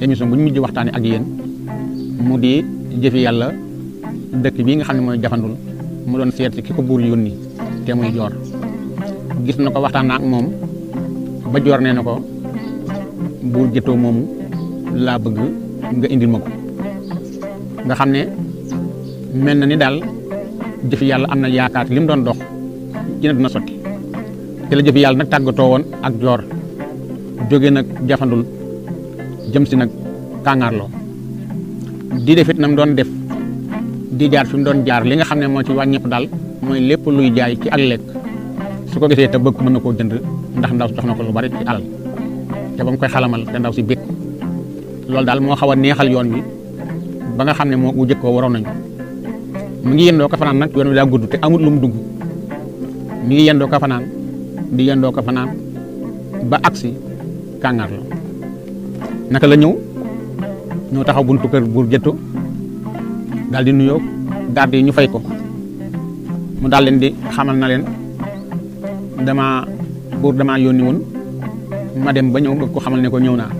émission bu ñu mujj waxtaanee ak yéen mu di jëfi yàlla dëkk bii nga xam ne mooy jafandul mu doon seet ki ko buur yónni te muy joor gis na ko waxtaan na ak moom ba joor nee na ko buur jëttoo moomu laa bëgg nga indi ma ko nga xam ne mel na ni daal jëfi yàlla am na yaakaar li mu doon dox ci ne dina sotti te la jëfi yàlla nag tàggatoo woon ak joor jóge nag jafandul jëm si nag kàngaarloo di def na nam doon def di jaar fi mu doon jaar li nga xam ne moo ci wàññeeku daal mooy lépp luy jaay ci ak lekk su ko gisee te bëgg mën na koo jënd ndax ndaw si jox na ko lu bari ci alal te ba mu koy xalamal te ndaw si bit loolu daal moo xaw a neexal yoon wi ba nga xam ne moo bu jëkk waroon nañu mu ngi yendoo ko fanaan nag yoon wi daa gudd te amul lu mu dugg mi ngi yendoo ko fanaan di yendoo ko fanaan ba agsi kàngaarloo naka la ñëw ñoo taxaw buntu kër buur jëtto daal di nuyoo garde yi ñu fay ko mu daal leen di xamal na leen dama buur dama yónni woon ma dem ba ñëw bëgg ko xamal ne ko ñëw naa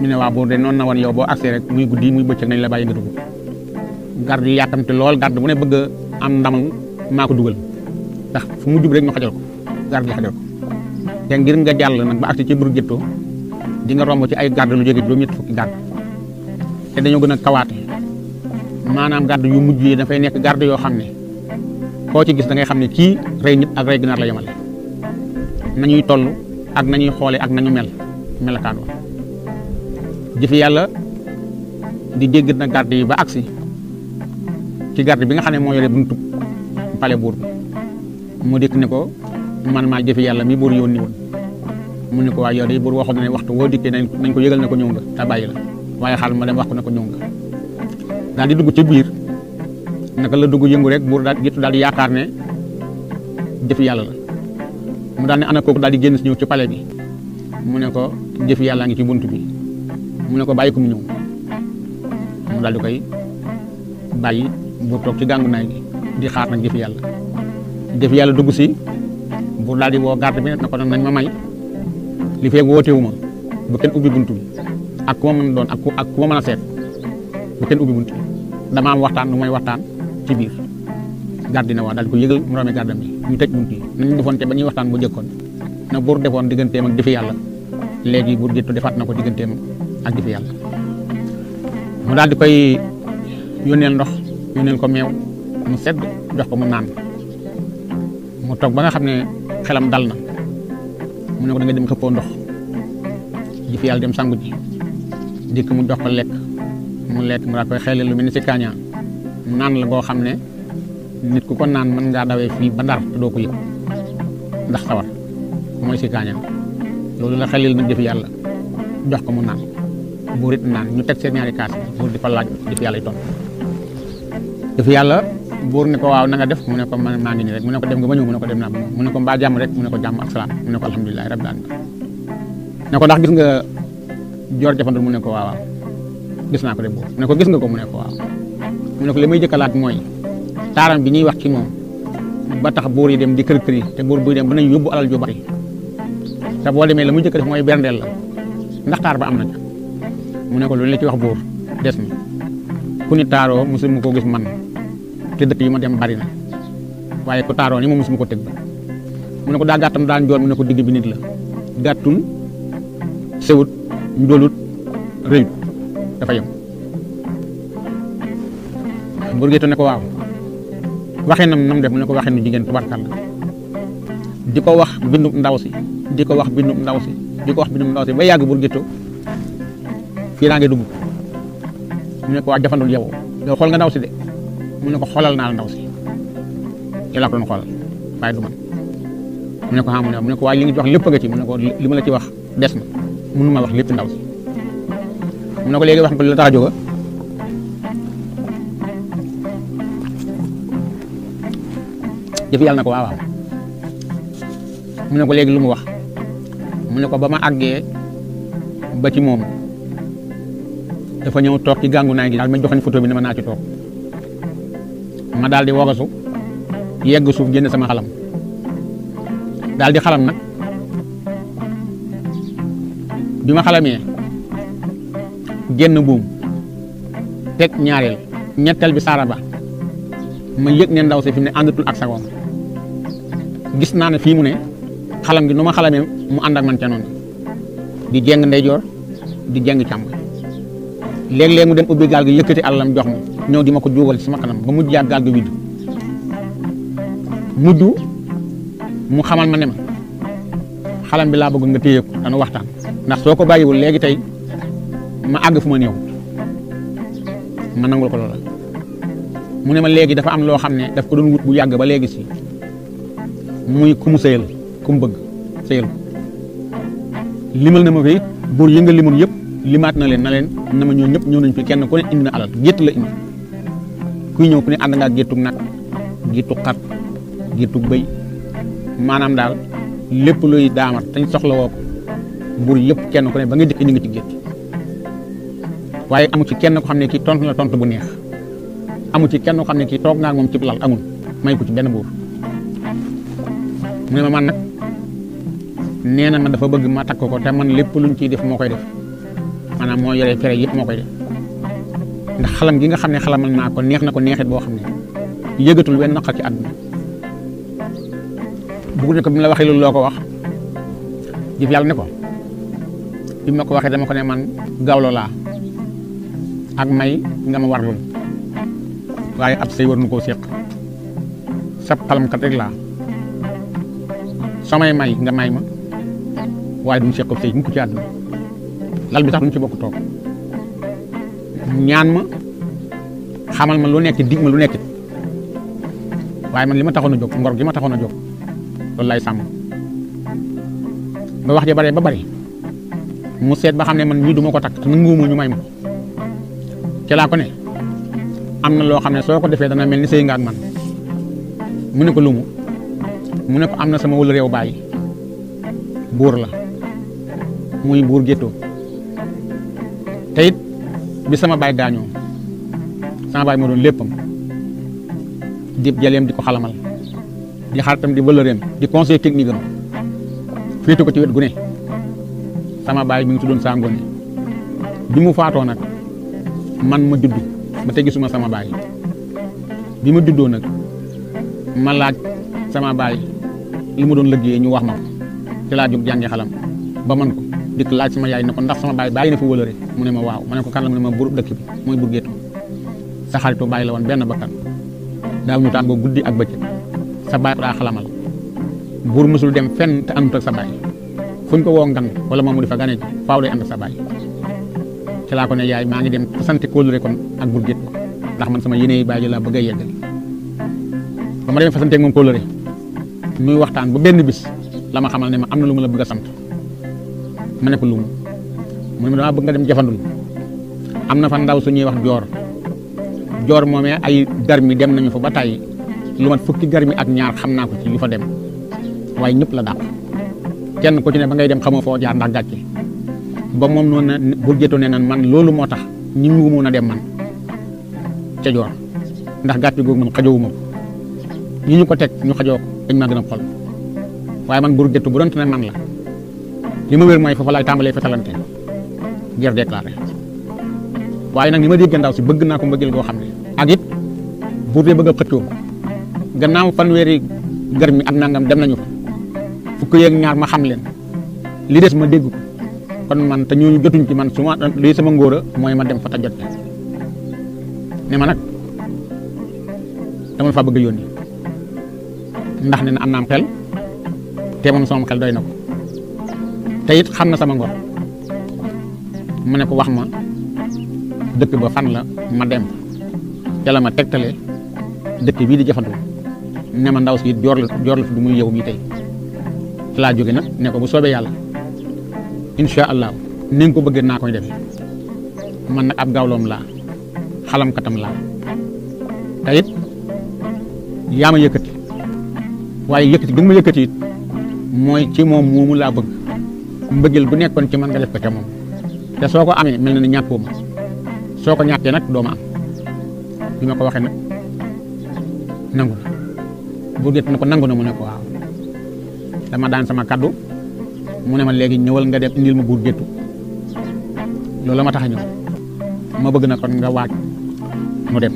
ñu ne waa buur de noon na woon yow boo accès rek muy guddi muy bëccëg nañ la bàyyi nga dugg garde yi yàkkamte lool garde bu ne bëgg am ndamal maa ko dugal ndax fu mu jub rek ñu xajal ko garde yi xajal ko te ngir nga jàll nag ba accès ci buur jëttoo di nga romb ci ay garde lu jóge juróom-ñett fukki dañoo gën a kawaate maanaam garde yu mujj yi dafay nekk garde yoo xam ne koo ci gis da ngay xam ne kii rey nit ak rey ginaar la toll ak nañuy xoole ak nañu mel melakaan wa jëfi yàlla di jéggat na garde yi ba agsi ci garde bi nga xam ne moo yore buntu pale buur bi mu dikk ne ko man maa jëfi yàlla mi buur yónni woon mu ne ko waa yow de buur waxoon na ne waxtu woo dikkee nañ ko yëgal ne ko ñëw nga te bàyyi la waaye xaal ma dem wax ko ne ko ñëw nga daal di dugg ci biir naka la dugg yëngu rek buur daal daal di yaakaar ne jëf yàlla mu daal ne ana kooku daal di génn si ñëw ci palais bi mu ne ko jëf yàlla ngi ci bunt bi mu ne ko bàyyi ko mu daal di koy bàyyi buur ci gàngu naay di xaar nag jëf yàlla jëf yàlla dugg si buur daal di woo garde bi na ko nag nañ ma may li fee woote wu ma bu kenn ubbi bi ak ku doon ak ku a seet bu kenn ubbi buntu waxtaan nu may waxtaan ci biir gardina waa daal di ko yëgal moroomi gardam bi ñu tëj buntu yi nañu defoon te ba ñuy waxtaan bu njëkkoon na buur defoon digganteem ak yàlla léegi buur jëttu defaat na ko digganteem ak defi yàlla mu daal di koy yónneel ndox yónneel ko meew mu sedd jox ko mu naan mu toog ba nga xam ne xelam dal na mu ne ko da nga dem xëppoo ndox jëf yàlla dem sangu ji dikk mu jox ko lekk mu lekk mu daa koy xelal lu mel ni si kaaña naan la boo xam ne nit ku ko naan mën ngaa dawee fii ba ndar te doo ko yëg ndax sawar mooy si kaaña loolu la xelal nag jëf yàlla jox ko mu naan buur naan ñu teg seen ñaari kaas buur di fa laaj jëf yàlla yi ton jëf yàlla buur ne ko waaw na nga def mu ne ko man maa ngi nii rek mu ne ko dem nga ba ñëw mu ne ko dem naa ba ñëw mu ne ko mbaa jàmm rek mu ne ko jàmm ak salaam mu ne ko gis nga joor jafandu mu ne ko waaw naa ko de buur ne ko gis nga ko mu ne ko mu ne ko li may jëkkalaat mooy taaram bi ñuy wax ci moom tax buur yi dem di kër yi te buur buy dem dinañ yóbbu alal ju bari te boo demee la muy jëkk def mooy berndeel la ndax taar am na mu ne ko lu la ci wax buur des na ku ni taaroo musul mu ko gis man te dëkk yi ma dem bari na waaye ku taaroo ni moom mosuma ko tëgg mu ne ko daa gàttam daan njool mu ne ko digg bi nit la gàttul sewut njoolut rëyut dafa yem mbur géeto ne ko waaw waxee nam nam def mu ne ko waxee nu jigéen tubarkal la di ko wax bindub ndaw si di ko wax bindub ndaw si di ko wax bindub ba yàgg mbur géeto fii laa ngi dugg mu ne ko waa jafandul yow yow xool nga ndaw si de mu ne ko xoolal naa la ndaw si yow ko doon xoolal waaye du man mu ne ko ah ne ko waaye li nga ci wax lépp nga ci mu ne ko li ma ci wax des na mënu ma wax lépp ndaw si ko la tax a jóg jëf yàlla na ko waaw waaw mu ne ko léegi lu mu wax mu ne ko ba ma àggee ba ci moom dafa ñëw toog ci gàngu naay gi daal ma joxoon foto bi ne ma naa ci toog ma daal di wagasu yegg suuf génne sama xalam daal di xalam nag bi ma xalamee génn buum teg ñaareel ñetteel bi saara ba ma yëg ne ndaw si fi ne àndatul ak sagoom gis naa ne fii mu ne xalam gi nu ma xalamee mu ànd man ca di jeng ndeyjoor di jeng càmm léeg-léeg mu dem ubbi gaal gi yëkkati alalam jox ma ñëw di ma ko juugal ci sama kanam ba mujj yaa gaal gi widdu mujj mu xamal ma ne ma xalam bi laa bëgg nga téye ko dana waxtaan ndax soo ko bàyyiwul léegi tey ma àgg fu ma néew ma nangul ko loola mu ne ma léegi dafa am loo xam ne daf ko doon wut bu yàgg ba léegi si muy ku mu sëyal ku mu bëgg sëyal limal na ma ko it buur yi nga limoon yëpp limaat na leen na leen na ma ñoom ñépp ñëw nañ fi kenn ku ne indi na alal gétt la indi kuy ñëw ku ne ànd ngaa géttug nag géttug xar géttug béy maanaam daal lépp luy daamat tañ soxla woo ko buur yépp kenn ku ne ba nga dikk ñu ngi ci gétt waaye amu ci kenn ko xam ne kii tontu la bu neex amu ci kenn ko xam ne kii toog naa moom ci lal amul may ko ci benn buur mu ne ma man nag nee na ma dafa bëgg ma takk ko te man lépp luñ ciy def moo koy def maanaam moo yore fere yëpp moo koy def ndax xalam gi nga xam ne xalamal naa ko neex na ko neexit boo xam ne yégatul wenn naqar ci àdduna bugg ne ko bi mu la waxee loolu loo ko wax jëf yàlla ne ko bi ma ko waxee dama ko ne man gawlo laa ak may nga ma waaye ab sëy waruñu koo séq sab xalamkat rek laa samay may nga may ma waaye duñ séq ab sëy mukk ci àdduna lal bi sax duñ ci bokk toog ñaan ma xamal ma lu nekk dig ma lu nekk waaye man li ma taxoon a jóg ngor gi ma taxoon na jóg loolu lay sàmm ba wax ja bare ba bari mu seet ba xam ne man mii du ma ko takk te nanguwuma ñu may ma ci ko ne am na loo xam ne soo ko defee dana mel ni sëy nga man mu ne ko lumu mu ne ko am na sama wëlu réew bàyyi buur la muy buur géttoo te bi sama baay gaañoo sama baay moo doon léppam di jaleem di ko xalamal di xaritam di wëlëreem di conseil technique am ko ci wet gu ne sama baay mi ngi tuddoon Sangoné bi mu faatoo nag man ma judd ba te gisuma sama baay bi ma juddoo nag ma laaj sama baay li mu doon liggéeyee ñu wax ma ko ci laa jóg jàngi xalam ba man ko dikk laaj sama yaay ne ko ndax sama baay bàyyi ne fi wëlëre mu ne ma waaw ma ne ko kan la mu ne ma buur dëkk bi mooy buur géttu sa xaritu bàyyi la woon benn bakkan daaw ñu tàggoo guddi ak bëccëg sa baay daa xalamal mësul dem fenn te sa baay fu ko woo ngan wala moom mu di fa gane faaw ànd sa baay ci laa ne yaay maa ngi dem sant kóolure kon ak buur géttu ndax man sama yéene yi bëgg a ma demee fa santeeg moom kóolure waxtaan ba benn bis la ma ne ma am na lu ma la bëgg a sant ma ne ko lu mu mu ne ma bëgg nga dem jafandul am na fa ndaw su ñuy wax joor joor moomee ay garmi dem nañu fa ba tàyyi lu mat fukki garmi ak ñaar xam naa ko ci yu fa dem waaye ñëpp la dàq kenn ku ci ne ba ngay dem xamoo foo jaar ndax gàcce ba moom noonu na bu jëtoo ne nan man loolu moo tax ñu ngi mun a dem man ca joor ndax gàcce googu man xajoowu ma ko ñu ko teg ñu xajoo ko dañ maa gën a xol waaye man bur jëttu bu doonte ne man la li ma wér mooy foofu laay tàmbalee fetalante gerte déclarée waaye nag ni ma dégg ndaw si bëgg naa ko mbëggeel goo xam ne ak it buur dee bëgg a xëccoo gannaaw fanweeri gër mi ak nangam dem nañu fa fukk yeeg ñaar ma xam leen li des ma dégg ko kon man te ñooñu jotuñ ci man su ma sama ngóor mooy ma dem fa ta jot ne ma nag dama fa bëgg a yónni ndax ne na am naam xel te moom sama xel doy na ko te xam na sama ngor mu ne ko wax ma dëkk ba fan la ma dem ca ma tegtale dëkk bii di jafandu ne ma ndaw siit joor la joor la fi du muy yow mi tey laa jóge nag ne ko bu soobee yàlla incha allah ni nga ko bëggee naa koy defee man nag ab gaawloom laa xalamkatam laa te it yaa ma yëkkati waaye yëkkati gi ma yëkkati mooy ci moom moomu laa bëgg mbëggeel bu nekkoon ci man nga def ko ca moom. te soo ko amee mel na ne ñàkkoo ma soo ko ñàkkee nag doo am bi ma ko waxee nag nangu na bu gét na ko nangu na mu ne ko waaw dama daan sama kaddu mu ne ma léegi ñëwal nga dem indil ma buur géttu loolu la ma tax a ñëw ma bëgg na kon nga waaj mu dem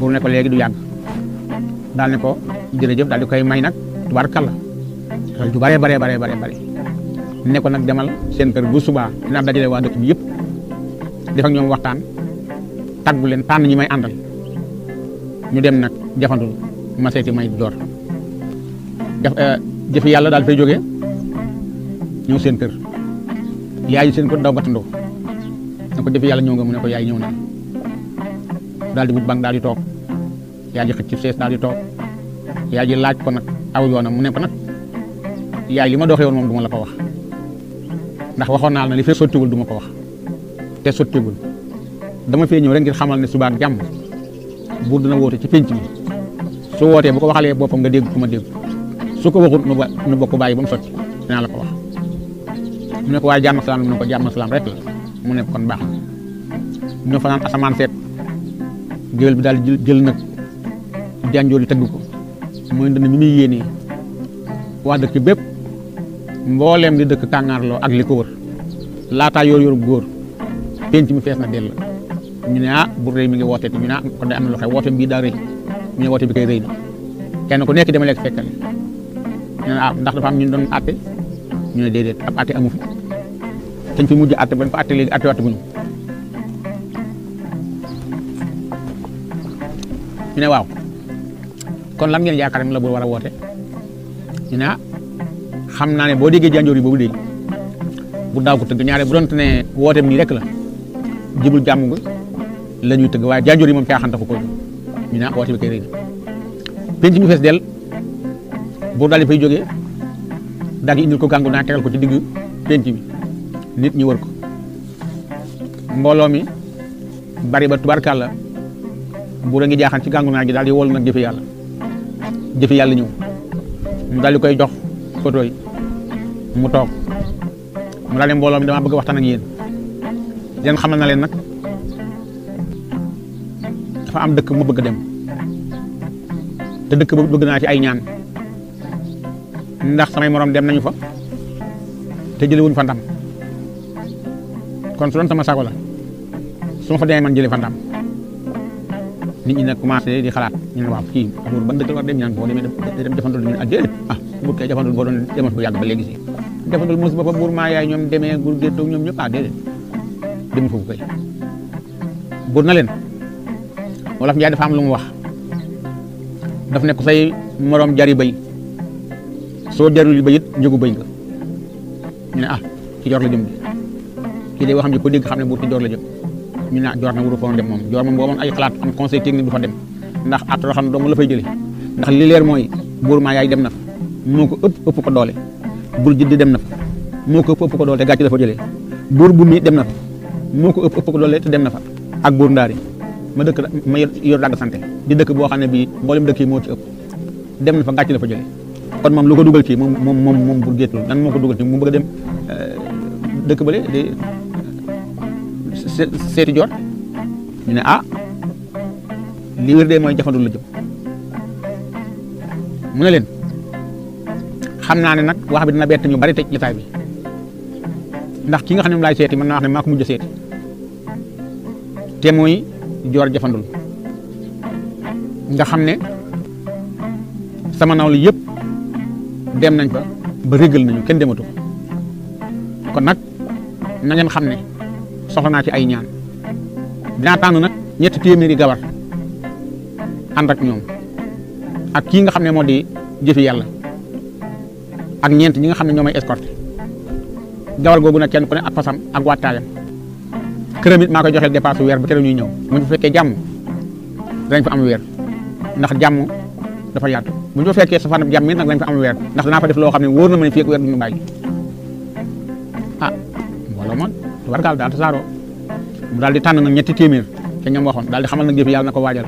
buur ne ko léegi du yàgg daal ne ko jërëjëf daal di koy may nag tubaarkàlla ju bare bare bare bare bare ne nag demal seen kër bu subaa dinaa dajale waa dëkk bi yëpp def ak ñoom waxtaan tàggu leen tànn ñi may àndal ñu dem nag jafandul ma seeti may door jaf eh, jëfe yàlla daal fay jóge ñëw seen kër yaay seen kër daw gàttandoo ne ko jëfe yàlla ñëw nga mu ne ko yaay ñëw na daal di wut bank daal di toog yaay ji xëcc ci sees daal di toog yaay ji laaj ko nag aw yoonam mu nekk nag yaay li ma doxee woon moom du ma la ko wax ndax waxoon naa la li fekk sottiwul du ko wax te sottiwul dama fee ñëw rek ngir xamal ne subaa ak jàmm buur dina woote ci pénc mi su wootee bu ko waxalee boppam nga dégg ku ma dégg su ko waxut nu bokk bàyyi ba mu sotti dinaa la ko wax ko waaye jàmm ak salaam ko jàmm ak rek la mu ne baax na ñu fa naan asamaan seet géwél bi daal jël nag janjoor yi tëgg ko mooy ndënd mi muy yéenee waa dëkk bépp. mbooleem di dëkk kàngaarloo ak li ko wër laataa yor yor góor penc mi fees na dell ñu ne ah bu rëy mi ngi woote ñu ne ah kon de am na lu xew woote bii daa rëy ñu ne woote bi kay rëy na kenn ku nekk dama lekk fekkal ñu ne ah, ndax dafa am ñu doon àtte ñu ne fi mujj àtte bañ fa àtte ne waaw kon lan ngeen yaakaar ne la bu war a woote ñu ne ah am naa ne boo déggee janjoor yi boobu léegi bu daaw ko tëgg ñaare bu doon ne wooteem nii rek la jibul jàmm bi la ñuy tëgg waaye janjoor yi moom caaxaan taxu ko ñu naan ah, woote bi kay rëy penc mi fees ko gàngu naa tegal ko ci digg penc mi nit ñi wër ko mbooloo mi bari ba tubarkàlla bu la ngi jaaxaan ci gàngu naa gi daal di wol nag jëfe yàlla jëfe yàlla ñëw mu daal di koy jox photo mu toog mu daal di mbooloo mi dama bëgg waxtaan ak yéen yéen xamal na leen nag dafa am dëkk mu bëgg dem te dëkk boobu bëgg naa ci ay ñaan ndax samay morom dem nañu fa te jëliwuñ fa ndam kon su doon sama sago la su ma fa demee man jëlee fa ndam nit ñi nag commencé di xalaat ñu ne waaw kii amul ban dëkk la war dem ñaan boo demee dem defantul ñu ne ah déedéet ah bu kee defantul boo doon demoon bu yàgg ba léegi si defandul mos boppam buur maa yaay ñoom demee buur géttoo ñoom ñëpp ah déedéet dem foofu kay buur na leen wolof Njaay dafa am lu mu wax daf ne ko say morom jari bay soo jarul bayit njëgu bay nga ñu ne ah ci joor la jëm di kii de waxam ji ko dégg xam ne buur ci joor la jëm ñu ne ah joor na wuru foon dem moom joor moom boo ay xalaat am conseil technique du fa dem ndax at loo xam ne doomu la fay jëlee ndax li leer mooy buur maa yaay dem na moo ko ëpp ëpp ko doole ji jiddi dem na fa moo ko ëpp ëpp ko doole te gàcce dafa jëlee buur bu mi dem na fa moo ko ëpp ëpp ko doole te dem na fa ak buur ndaari ma dëkk ma yor dagg santé di dëkk boo xam ne bii mboolem dëkk yi moo ci ëpp dem na fa gàcce dafa jëlee kon moom lu ko dugal ci moom moom moom moom bur géetul nan moo ko dugal ci mu bëgg a dem euh, dëkk bële di seeti joor ñu ne ah li wér de mooy jafandu la jëm mu ne leen am naa ne nag wax bi dina bett ñu bari tëj jotaay bi ndax ki nga xam ne mu laay mën naa wax ne maa ko mujj joor jafandul nga xam ne sama nawlu yëpp dem nañ fa ba régal nañu kenn dematu kon nag na xam ne soxla naa ci ay ñaan dinaa tànn nag téeméeri gawar ànd ak ñoom ak kii nga xam ne moo di jëfi yàlla ak ñeenti ñi nga xam ne ñoo may escorté dawal googu nag kenn ku ne ak fasam ak wattaayam këram it maa koy joxeel dépasse weer bu keroog ñuy ñëw bu ñu fekkee jàmm danañ fa am weer ndax jàmm dafa yaatu bu ñu fa fekkee safaanam jàmm it nag danañ fa am weer ndax danaa fa def loo xam ne wóor na ma ne fii ak weer duñu bàyyi ah mbooloo ma tubarkaal daal tasaaroo mu daal di tànn nag ñetti téeméer te ñoom waxoon daal di xamal nag jëf yàlla na ko waajal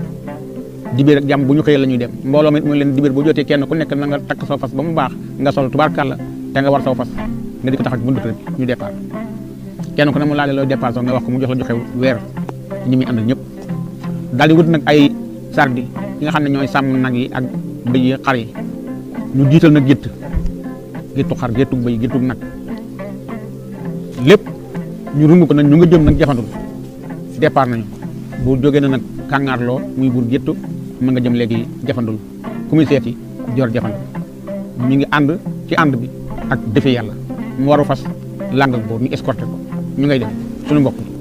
dibéer ak jàmm bu ñu xëyee la ñuy dem mbooloo mi mu leen dibéer bu jotee kenn ku nekk na nga takk saw fas ba mu baax nga sol tubaarkàlla te nga war saw fas nga di ko taxaw ci buntu kër bi ñu départ kenn ku ne mu laale looy départ nga wax ko mu jox la joxe weer ñi ñëpp daal di wut nag ay sardi yi nga xam ne ñooy sàmm nag yi ak bëy yi xar yi ñu jiital nag gétt géttu xar géttu bëy géttu nag lépp ñu rumb ko nag ñu nga jëm nag jafandu départ nañu bu jógee na nag kàngaarloo muy buur géttu mën nga jëm léegi jafandul ku muy seeti jor jafandu mi ngi ànd ci ànd bi ak defe yàlla mu waru fas làng boobu mu escorté ko ñu ngay def suñu mbokk